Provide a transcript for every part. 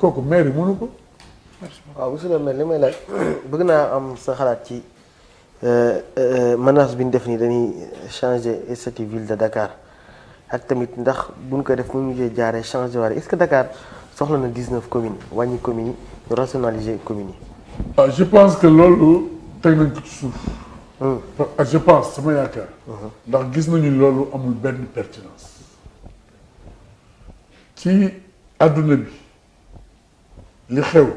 kooku maire yi mënu ko. waaw monsieur le maire li may laaj bëgg naa am sa xalaat ci euh, euh, menace bi ñu def nii dañuy changer statut ville de Dakar ak tamit ndax buñ ko def mu mujjee jaaree changer waare est-ce que Dakar soxla na 19 commune wàññi communes yi ñu yi. Ah, je pense que loolu teg nañ ko ci suuf. Hmm. Ah, je pense sama yaakaar. Hmm. ndax gis nañu loolu amul benn pertinence. ci àdduna bi. li xew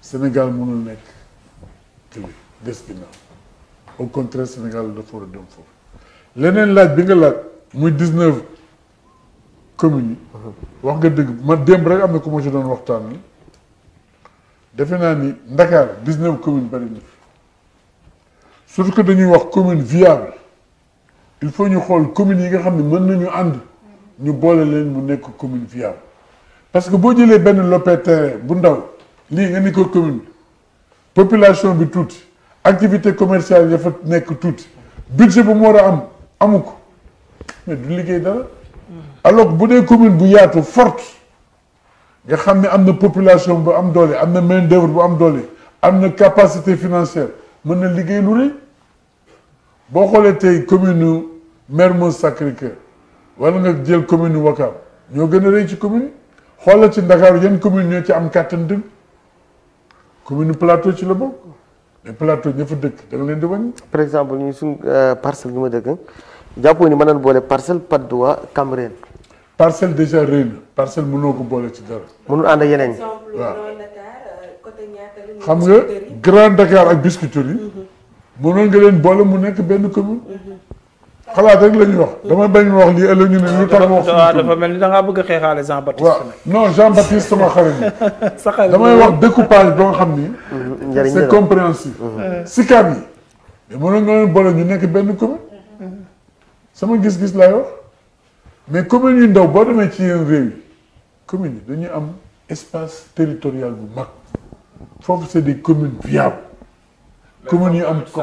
Sénégal mënul nekk kii des ginnaaw au contraire Sénégal dafa war a dem foofu leneen laaj bi nga laaj muy 19 commune yi. Mhm. wax nga dëgg ma démb rek am na ku ma ci doon waxtaanee defe naa ni Ndakaar 19 communes bari na surtout que dañuy wax commune viable il faut ñu xool communes yi nga xam ne mën nañu ànd ñu boole leen mu nekk commune viable. parce que boo jëlee benn lopin terrain bu ndaw lii nga ni ko commune population bi tuuti activité commerciale ya fa nekk tuuti budget bu mu war a am amu ko du liggéey dara alors bu dee commune bu yaatu forte nga xam ni am na population bu am doole am na main d'œuvre bu am doole am na capacité financière mën na liggéey lu rëy boo xoolee tey commune nu Mermoz Sacré-Cœur wala nga jël commune nu ñoo gën a rëy ci commune xoolal ci Dakar yan commune ñoo ci am kàttan dëgg commune plateau ci la bokk mais plateau ña fa dëkk da nga leen di wàññi. par exemple ñu suñ euh, parcelle bi ma dëkk jàppoo ni mën nañ boole parcelle Patte d'Oie Cambérène. parcelle déjà rëy na parcelle mënoo ko boole ci dara. mënul ànd ak yeneen yi waaw. Euh, xam nga Grand Dakar ak Biscuiterie yi. Mhm. mënoon nga leen boole mu nekk benn commune. Mhm. xalaat rek la wax. dama bañ wax lii ëllëg ñu ne lu tax ma wax. dafa mel ni da ngaa bëgg a xeexaale Jean Baptiste. waaw non Jean Baptiste sama xarit. damay wax découpage ba nga xam ni. Mm-hmm. njëriñ c'est si mm-hmm. Sicap yi. mais mënoon nga ñu nekk benn commune. Mm-hmm. sama gis-gis laay wax. mais commune yu ndaw boo demee ci yeneen réew yi commune yi dañuy am espace territorial bu mag foofu c'est des communes viables. commune nii am co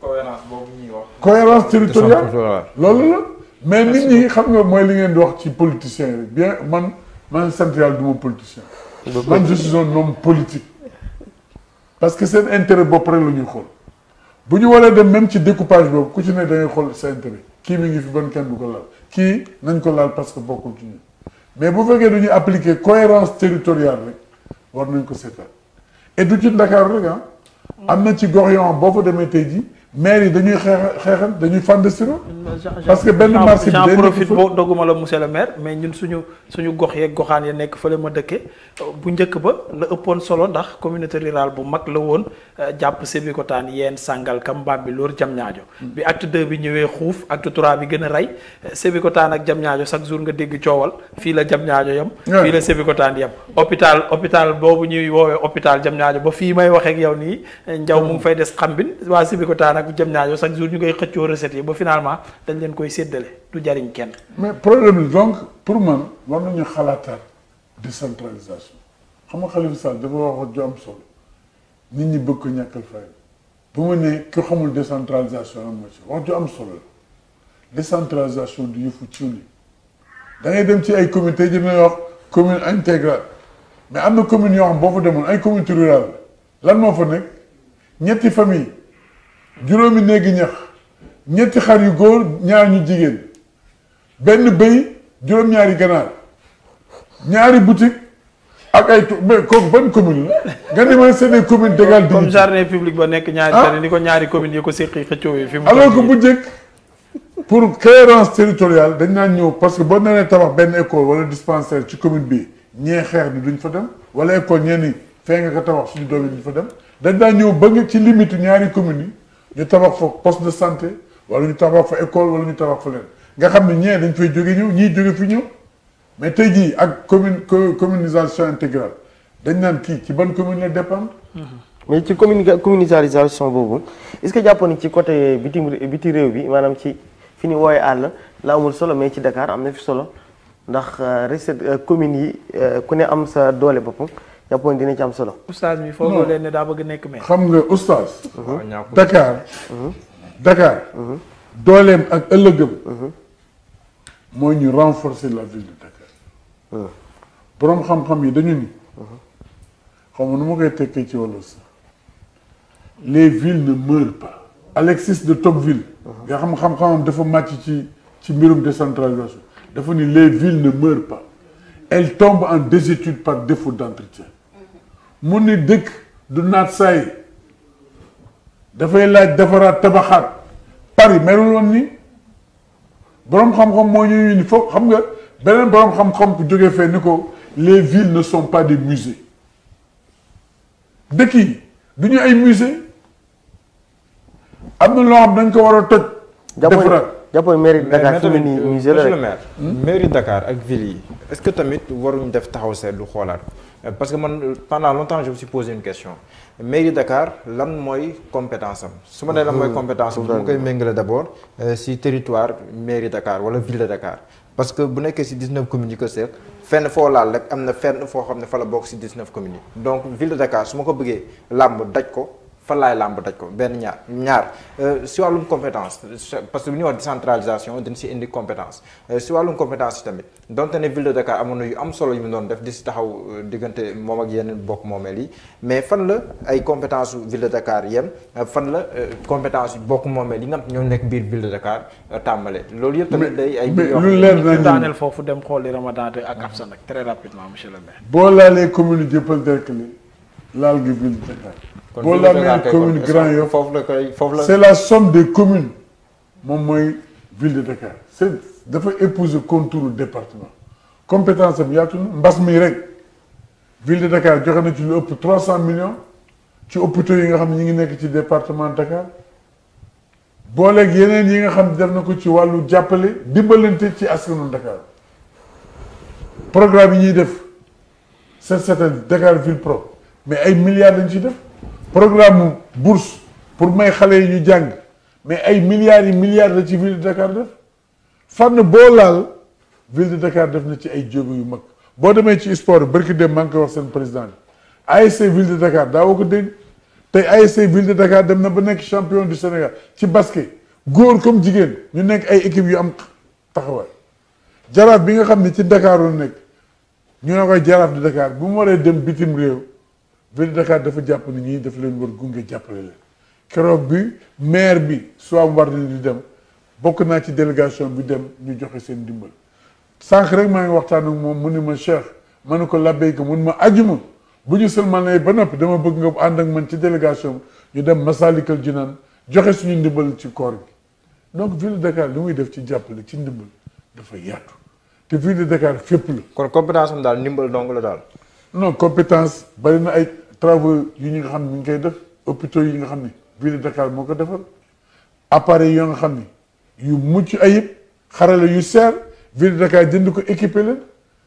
cohérence boobu ñuy wax. cohérence territoriale loolu la. mais nit ñi xam nga mooy li ngeen di wax ci politiciens yi bien man man sant yàlla du ma politicien. man je suis un homme parce que seen intérêt bopp rek la ñuy xool bu ñu waree dem même ci découpage boobu ku ci ne da ngay sa intérêt kii mi ngi fi ban kenn du ko laal kii nañ ko laal parce que bokkul ci mais bu fekkee du ñu appliquer cohérence territoriale rek war nañ ko seetal et du ci am na ci gox yoo boo fa demee tey ji maire yi dañuy xeex xeexal dañuy clandestino parce que benn marché bi j'en profite boo le maire mais ñun suñu suñu gox yeeg goxaan ya nekk fële ma dëkke bu njëkk ba la ëppoon solo ndax communauté rurale bu mag la woon euh, jàpp Sébikotane yeen sàngal kam mbaam bi loolu jam ñaajo mm. bi acte 2 bi ñëwee xuuf acte 3 bi gën a rey Sébikotane ak jam ñaajo chaque jour nga dégg coowal fii la jam ñaajo yam fii la Sébikotane yam hôpital hôpital boobu ñuy woowee hôpital jam ñaajo ba fii may waxeek yow nii njaw mu ngi fay des xambin waa Sébikotane ak jëm ñaajo chaque jour ñu koy xëccoo recette yi ba finalement dañ leen koy séddale du jariñ kenn. mais problème bi donc pour man war nañu xalaataat décentralisation xam nga Khalifa Sall dafa wax ju am solo nit ñi bëgg ko ñàkkal fay bu mu ne ku xamul décentralisation am na ci wax ju am solo la décentralisation du yëfu ciw li da ngay dem ci ay comité ji wax commune intégrale mais am na commune yoo xam boo fa demoon ay communauté rurale la lan moo fa nekk ñetti famille juróomi néegi ñax ñetti xar yu góor ñaar ñu jigéen benn bëy juróom-ñaari ganaar ñaari boutique ak ay mais comme ban commune la nga ne ma c'est des communes d'égale dignité comme ah. ni ko ñaari commune yi ko séqi xëccoo yi fi mu alors que bu njëkk pour cohérence territoriale dañ naan ñëw parce que boo nee tabax benn école wala dispensaire ci commune bi ñee xeex ni duñ fa dem wala école ñee fee nga ko tabax suñu doom yi duñ fa dem dañ daan ñëw ba nga ci limite ñaari communes yi ñu tabax fa poste de santé wala ñu tabax fa école wala ñu tabax fa leen nga xam ne ñee dañ fay jóge ñëw ñii jóge fi ñëw mais tey jii ak commune communisation intégrale dañ naan kii ci ban commune la dépendre. mais ci communica communautarisation boobu est-ce que jàppoon ci côté bitim biti réew bi maanaam ci fi ñu wooyee àll la amul solo mais ci Dakar am na fi solo ndax euh, reste euh, communes yi euh, ku ne am sa doole boppam. jàppoon dina ci am solo. oustaz bi foogoo leen ne daa bëgg nekk mais. xam nga oustaz. Dakar. Dakar. dooleem ak ëllëgëm. mooy ñu renforcer la ville de Dakar. boroom xam-xam yi dañu ni. xaw nu ma koy tekkee ci wàllu sax. les villes ne meurent pas. Alexis de Tocqueville. nga xam xam-xamam dafa màcc ci ci de décentralisation. dafa ni les villes ne meurent pas. elles tombent en désuétude par défaut d'entretien. mu ni dëkk du naat saay dafay laaj defaraat tabaxaat Paris melul ni boroom xam-xam moo ñuy ni foog xam nga beneen boroom xam-xam ku jógee fee ko les villes ne sont pas des musées dëkk yi du ñu ay musée am na loo xam dañ ko war a toj jàppoon jàppoon mairie Dakar fi mu nii ñu hmm? ak ville yi est-ce que tamit waruñ def taxaw seetlu xoolaat euh, parce que man pendant longtemps je me suis posé une question mairie Dakar lan mooy compétence am su ma nee lan mooy hmm. compétence am su ma koy méngale d'abord euh, si territoire mairie Dakar wala ville de Dakar parce que bu nekkee si 19 communes yi ko seet fenn foo laal rek am na fenn foo xam ne fa la bokk si 19 communes yi donc ville de su ma ko bëggee làmb daj ko fan laay làmb ko benn ñaar ñaar euh, si wàllum compétence parce que bu ñuy wax décentralisation si indi compétence euh, si wàllum compétence yi tamit ne ville amoon na yu am solo yu doon def di si taxaw euh, diggante moom ak yeneen bokk moomeel mais fan la ay compétence ville de Dakar yem fan la compétence bokk moomeel yi nga xam ñoo nekk biir ville de Dakar tàmbale loolu yëpp tamit day daaneel foofu dem xooli Ramadan ak Absa nag très rapidement monsieur le maire boo laalee commune Dieuppeul-Derklé laal gi ville de Dakar boo lamee commune Grand Yoff foofu foofu la. c'est la somme de communes moom mooy ville de Dakar c'est dafa épouser contour département compétence am yaatu na mbas mii rek ville de Dakar joxe na ci lu ëpp trois cent millions ci hôpitaux yi nga xam ne ñu ngi nekk ci département Dakar booleeg yeneen yi nga xam ne na ko ci wàllu jàppale dimbalante ci askanu Dakar programme yi ñuy def set setal Dakar ville propre mais ay milliards lañ ci def. programme bourse pour may xale yi ñu jàng mais ay milliards yi milliards la ci ville de Dakar def fànn boo laal ville de Dakar def na ci ay jéego yu mag boo demee ci sport bërki dem maa ngi koy wax seen président bi ASC ville de Dakar daawoo ko dégg tey ASC ville de Dakar dem na ba nekk champion du Sénégal ci basket góor comme jigéen ñu nekk ay équipe yu am taxawaay jaraaf bi nga xam ne ci ndakaaru la nekk ñu ne koy jaraaf di Dakar bu mu waree dem bitim réew. ville de Dakar dafa jàpp ni ñii dafa leen war gunge jàppale leen keroog bi maire bi soo am war di dem bokk naa ci délégation bi dem ñu joxe seen dimbal sànq rek maa ngi waxtaan ak moom mu ni ma Cheikh ma ne ko labbayka mun ma ajuma bu ñu sëlmalee ba noppi dama bëgg nga ànd ak man ci délégation ñu dem Masalikal Jinaan joxe suñu ndimbal ci koor gi donc ville de Dakar li muy def ci jàppale ci ndimbal dafa yaatu te ville de Dakar fépp la. kon daal ndimbal dong la daal. non compétence bari na ay travaux yu ñu nga xam ne mu ngi koy def hôpitaux yi nga xam ne ville de Dakar moo ko defar appareil yoo nga xam ni yu mucc ayib xarala yu seer ville de Dakar jënd ko équipé leen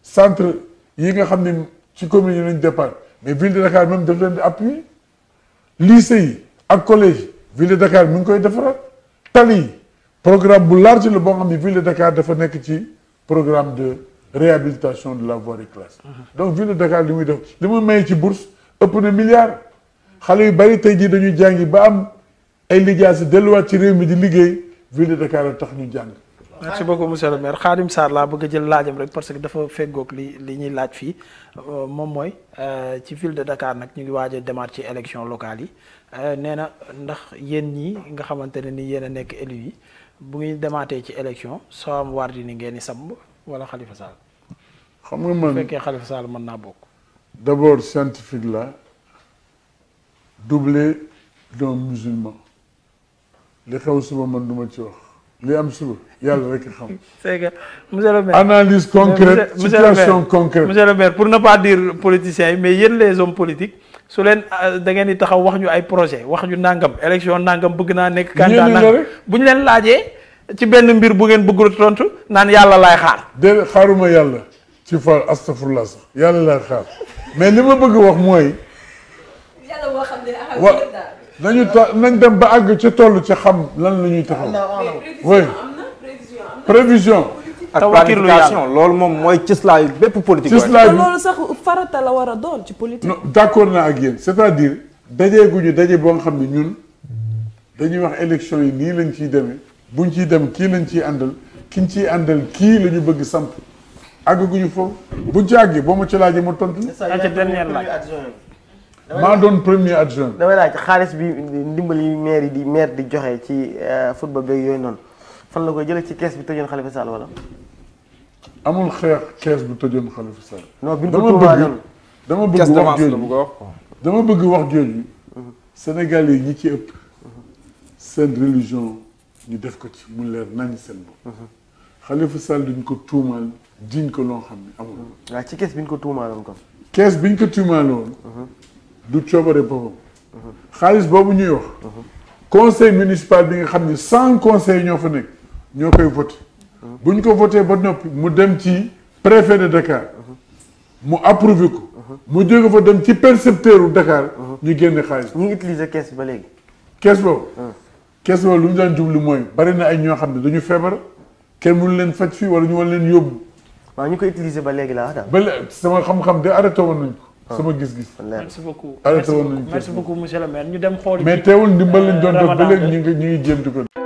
centre yi nga xam ne ci commune yi lañ départ mais ville de Dakar même daf leen di appuyer lycée yi ak collège ville de Dakar mi ngi koy defaraat tali yi programme bu large la boo xam ne ville de Dakar nekk ci programme de réhabilitation de la voirie classe donc ville de Dakar li muy def li muy maye ci bourse ëpp na milliard xale yu bari tey jii dañuy jàngi ba am ay lijaas delluwaat ci réew mi di liggéey ville de Dakar a tax ñu jàng merci beaucoup monsieur le maire Khadim laa bëgg a jël laajam rek parce que dafa feggoog li li ñuy laaj fii euh, moom mooy euh, ci ville de Dakar nag ñu ngi waaj a demaat ci élection locale yi euh, nee na ndax yéen ñi nga xamante ne ni yéen a nekk élu yi bu ngi demaatee ci élection soo am war ni ngeen di samb wala Khalifa Sall xam nga man bu fekkee Khalifa Sall mën naa bokk. d'abord scientifique la doublé d'un musulman li xew suba man du ma ci wax li am suba yàlla rek xam. c'est que monsieur le maire analyse concrète situation concrète. monsieur le maire pour ne pas dire politiciens yi mais yéen les hommes politiques. su leen ah, dangeen ngeen taxaw wax ñu ay projet wax ñu ndàngam élection ndàngam bëgg naa nekk. candidat nàngam bu ñu leen laajee ci benn mbir bu ngeen bëgg tontu naan yàlla laay xaar. déedéet xaaruma yàlla. ci far astafurlah sax yàlla laa xaar mais li ma bëgg wax mooy. yàlla boo xam ne nañu ta ba àgg ci tollu ci xam lan la ñuy taxaw. oui prévision. planification loolu moom mooy cëslaayu bépp politique. cëslaayu loolu sax farata la war a doon ci politique. non d'accord naa ak yéen c'est-à-dire dajeeguñu daje boo xam ne ñun dañuy wax élection yi nii lañ ciy demee buñ ciy dem kii lañ ciy àndal kiñ ciy àndal kii la ñu bëgg samp. àggaguñu foofu bu jàggi boo ma ci laajee ma tontu. maa doon premier adjoint. damay laaj xaalis bi ndimbali maire yi di maire di joxe ci euh, football beeg yooyu noonu fan la koy jëlee ci kees bi tëjoon Khalifa Sall wala. amul xeex kees bu tëjoon Khalifa Sall. non bi ñu ko tuumaaloon dama bëgg dama bëgg wax jooju dama bëgg wax jooju. Sénégal yi ñi ci ëpp. seen religion ñu def ko ci mu leer nañ seen bopp. Mhm. Khalifa Sall duñ ko tuumaal. jiiñ ko loo xam ne amul. waaw ci kees bi ñu ko tuumaaloon kon. kees bi ñu ko tuumaaloon. du coobare boppam. xaalis boobu ñuy wax. conseil municipal bi nga xam ne cent conseil ñoo fa nekk ñoo koy voté. bu ñu ko voté ba noppi mu dem ci préfet de Dakar. mu approuvé ko. mu jóge fa dem ci percepteur u Dakar. ñu génn xaalis. ñu ngi utiliser kes ba léegi. kes boobu. Ah. kees boobu lu mu daan jublu mooy bari na ay ñoo xam ne dañu feebar kenn mënu leen faj fii wala ñu war leen yóbbu. waaw ñu koy utiliser ba léegi laa sama xam-xam de arrêté woon nañ ko. Ah. sama gis-gis. merci beaucoup arrêté woon nañ ko merci beaucoup monsieur le ñu dem xool. mais teewul ndimbal lañ euh, doon def ñu ngi ñu ngi jéem di ko.